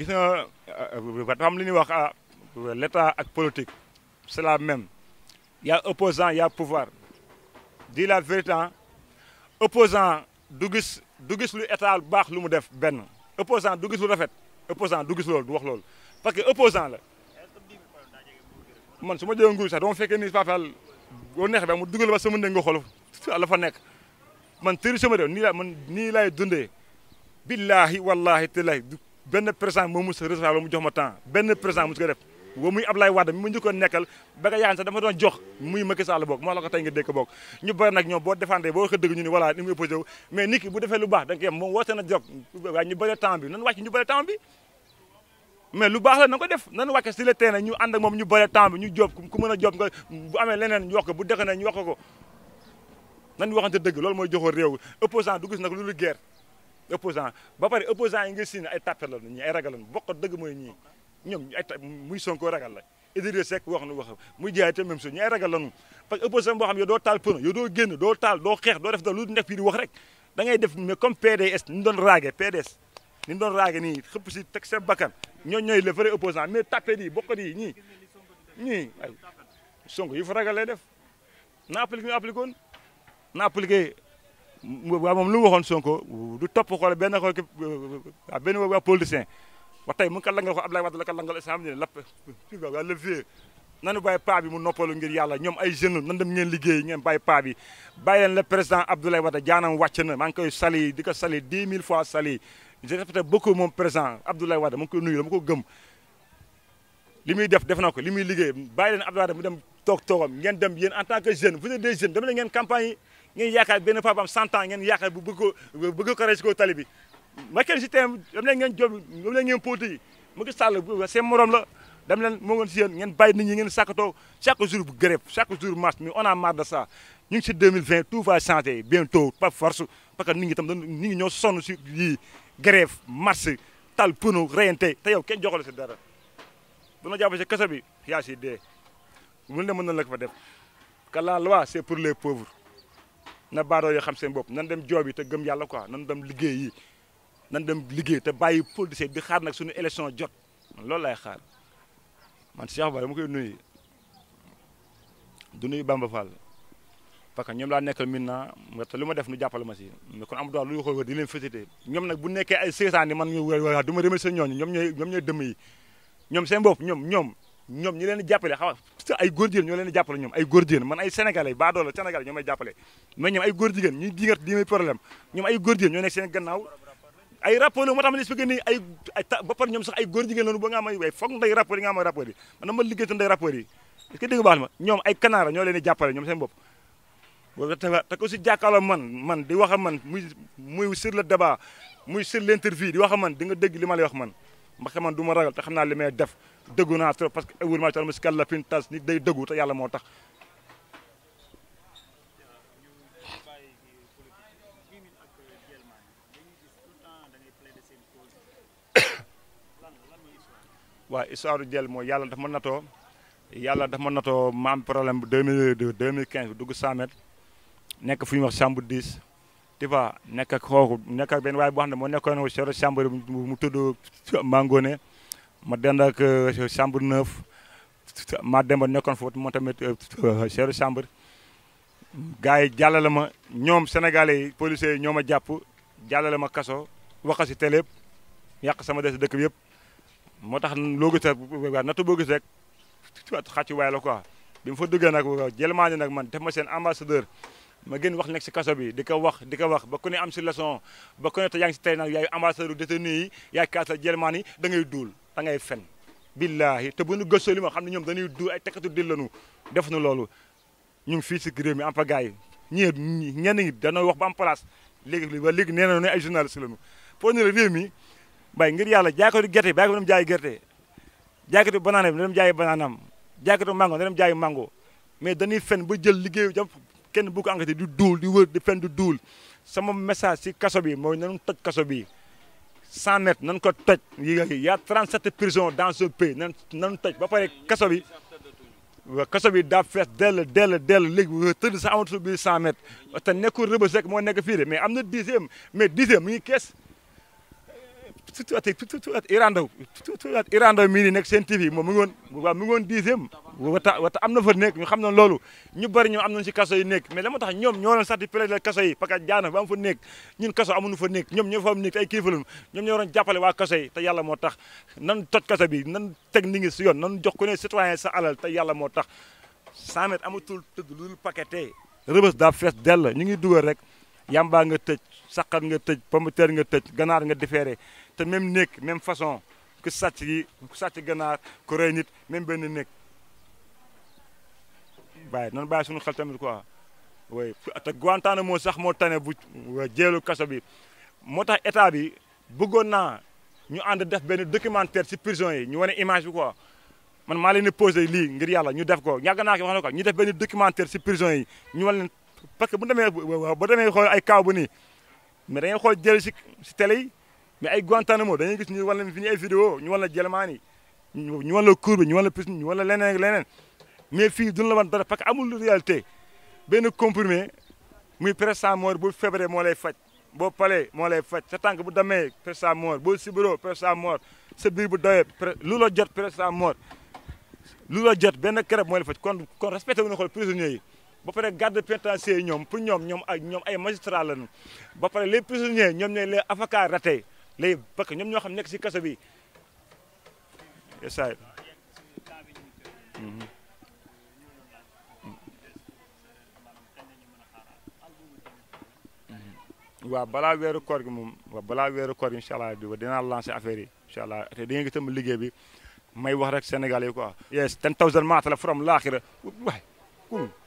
gis nga dafa euh, am li ñuy wax ah ak politique c'est la même y a opposant y la vérité opposant du gis du gis lu état baax lu mu def benn opposant du gis lu rafet opposant dugis lool du wax lool parce que opposant la man su ma jëlee nguur sax dama fekkee ni Fapal boo neexee ba mu dugal ba sama ndey nga xool fa nekk man tëri sama réew nii la nii lay dundee billaahi wallaahi tallaahi benn président moo mos a recevoir ba mu jox ma temps benn président mos ko def ba muy Ablaye Wade mi ma njëkkoon nekkal ba nga yaan sax dama doon jox muy Macky Sall bokk moo la ko tey nga dégg bokk ñu bëri nag ñoom boo défendre boo ko dëgg ñu ni voilà ni muy opposé wu mais nit ki bu defee lu baax da nga yem moom woote na jog waaye ñu bëri temps bi nan wàcc ñu bëri temps bi mais lu baax la na ko def nan wàcce si le terrain ñu ànd ak moom ñu bëri temps bi ñu job ku mën a job nga bu amee leneen ñu wax ko bu dëkk na ñu wax ko nan waxante dëgg loolu mooy joxoon réew opposant du gis nag lu lu guerre opposant ba pare opposant yi nga si ne ay tapé la ñii ay ragal la bokk dëgg mooy ñii ñoom ragal la Idrissa Seck wax na wax muy jaay te même chose ñu ay ragal lañu parce que opposant boo xam doo taal pneu yow doo génn doo taal doo xeex doo def da lu nekk fii di rek da ngay def mais comme PDS ni doon raage PDS ni doon raage nii xëpp si teg seen bakkan ñoo ñooy le vrai opposant mais tapé yi bokk yi ñii ñii Sonko yi fa ragal lay def na appliqué ñu na appliqué waa moom lu mu waxoon Sonko du topp xool benn xool ki waaw euh, benn waa politicien wax tey mu ngi ko langal ko Abdoulaye Wade la ko langal islam ne lapp waa le vieux nanu bàyyi paa bi mu noppalu ngir yàlla ñoom ay jeunes nan dem ngeen liggéey ngeen ba paa bi bàyyi leen le président Abdoulaye Wade jaanam wàcc na maa ngi koy sali di ko sali dix mille fois sali je répète beaucoup moom président Abdoulaye Wade ma ngi koy nuyu dama ko gëm li muy def def na ko li muy liggéey bàyyi leen Abdoulaye Wade mu dem toog toogam ngeen dem yéen en tant que jeune vous êtes des dem na ngeen ngeen yaakaar benn papaam cent ans ngeen yaakaar bu bëgg ko bëgg ko rey si kaw tali bi Macky si tam dam leen ngeen jom dam leen ngeen póote yi Macky Sall seen morom la dam leen moo ngoon si yéen ngeen bàyyi nit ñi ngeen sàkkatoo chaque jour bu grève chaque jour marche mais on a marre de ça ñu ngi si 2020 tout va changer bientôt par force parce que nit ñi tam nit ñi ñoo sonn si yii grève marche tal pono reyante te yow kenn joxale si dara ma jàpp si kaso bi yaa si dee mën na la ko fa la loi c'est pour les pauvres na baadoo yoo xam seen bopp nan dem joob yi te gëm yàlla ko nan dem liggéey nan dem liggéey te bàyyi politicien di xaar nag suñu élection jot man loolu laay xaar man Cheikh Ba mu koy nuy du nuyu Bamba Fall ñoom laa nekkal maintenant te lu ma def nu jàppale ma si mais kon am droit lu ñu xool di leen félicité ñoom nag bu nekkee ay seetaan yi man ñu wala du ma remercier ñooñu ñoom ñooy ñoom ñooy dëmm yi ñoom seen bopp ñoom ñoom ñoom ñi leen jàppale xaw ma ay góor jigéen ñoo leen jàppale ñoom ay góor jigéen man ay sénégalais baadoola sénégalais ñoo may jàppale mais ñoom ay góor jigéen ñuy dingat lii may problème ñoom ay góor jigéen ñoo nekk ay rapport yi moo tax ma ñoom sax ay góor jigéen lañu ba nga may way foog nday rapport yi nga may rapport yi man liggéey tan nday rapport yi est-ce ñoo leen di jàppale ñoom seen bopp te si jàkkaarloo man man di wax a man muy muy sur le débat muy sur l'interview di wax a man di nga dégg li ma lay wax man mbax man du ma ragal te xam naa li may def dëggu naa trop parce que awur maa mu si kàlla fi tas nit day dëggu te yàlla moo tax waaw histoire jël mooy yàlla daf ma natoo yàlla daf ma natoo ma am problème bu 2002 2015 bi dugg 100 mètres nekk fu ñuy wax chambre 10 tu vois nekk ak xooxu nekk ak benn waaye boo xam ne moo nekkoon soro chambre mu tudd Mangone ma dend ak euh, chambre neuf ma dem nekkoon foofu moo tamit soro euh, chambre gars yi jàllale ma ñoom sénégalais yi policiers yi ñoo ma jàpp jàllale ma kaso waxasi si télé yëpp yàq sama des dëkk yëpp moo tax loo gis rek natu boo gis rek xàcc waay la quoi bi mu duggee nag jël maa nag man def ma seen ambassadeur ma gën wax nekk si kaso bi di ko wax di ko wax ba ku ne am si leçon ba ku ne te yaa ngi si tey nag yaay ambassadeur détenu yi yaay kaasa jelmaan yi da ngay duul da ngay fen billaahi te bu xam ne ñoom dañuy duul ay tekkatu dil lanu def nu loolu ñu ngi fii si réew mi en pagaille ñii ñenn ñi wax ba am place léegi ba léegi nee na ne ay journaliste lañu pour ne la ngir yàlla jaaykatu gerte bàyyi ko dem jaay gerte jaaykatu banaana bi dem jaay banaanam jaaykatu mango dem jaay mango mais dañuy fen ba jël liggéeyu jàpp kenn bu ko enquêté di duul di wër di fen di duul sama message si kaso bi mooy nañu toj kaso bi 100 mètres nañu ko toj yi y' a 37 prisons dans ce pays nan nañu toj ba pare kaso bi waaw kaso bi daa fees dell dell dell léegi tëdd sax amatu biir 100 mètres te nekkul rëbës sek moo nekk fii mais am na dixième mais dixième mu ngi kees Irandaw Irandaw mii nii nekk seen TV moom mu ngi woon waaw mu ngi woon dixième wata wata am na fa nekk ñu xam na loolu ñu bëri ñoom am nañ si kaso yi nekk mais la ma tax ñoom ñoo doon sax di plaider kaso yi parce que jaana ba am fa nekk ñun kaso amuñu fa nekk ñoom ñoo fa am nekk ay kilifa lañu ñoom ñoo doon jàppale waa kaso yi te yàlla moo tax nan toj kaso bi nan teg ni ngi si yoon nan jox ko ne citoyen sa alal te yàlla moo tax 100 mètres amatul tëdd lu dul paqueté rëbës daa fees dell ñu ngi dugal rek yamba nga tëj saqat nga tëj pomuteer nga tëj ganaar nga différé te même néeg même façon ku sàcc yi ku sàcc ganaar ku rey nit même benn néeg bàyyi nan bàyyi suñu xel tamit quoi oui te Guantanamo sax moo tane bu jéelu kaso bi moo tax état bi bëggoon naa ñu ànd def benn documentaire ci prison yi ñu wane image bi quoi man maa leen di posé lii ngir yàlla ñu def ko yàgg naa ko wax na ko ñu def benn documentaire si prison yi ñu wane parce que bu demee bu demee xool ay kaaw bu nii mais dañuy xool jël si si tele yi mais ay Guantanamo dañuy gis ñu wan la fi ñu ay vidéo ñu wan la jëlmaan yi ñu wan la cour bi ñu wan la piste ñu wan la leneen ak leneen mais fii duñu la wan dara parce que amul réalité benn comprimé muy pressa bu feebaree moo lay faj boo palee moo lay faj sa tànk bu demee pressa mort boo sibiroo pressa mort sa biir bu doyee lu la jot pressa mort lu la jot benn kereb moo lay faj kon kon respecté wu ñu xool prisonniers ba pare garde pénitentiaire ñoom pour ñoom ñoom ay ñoom ay magistrat ba pare les prisonniers ñoom ñooy les avocats ratés les parce que ñoom ñoo xam nekk si kaso bi essaye mm-hmm. waaw balaa weeru koor gi moom weer balaa weeru koor di dinaa lancer affaire yi incha allah te di nga gis tamit liggéey bi may wax rek Sénégal yi quoi yes ten thousand maatala from laaxira waay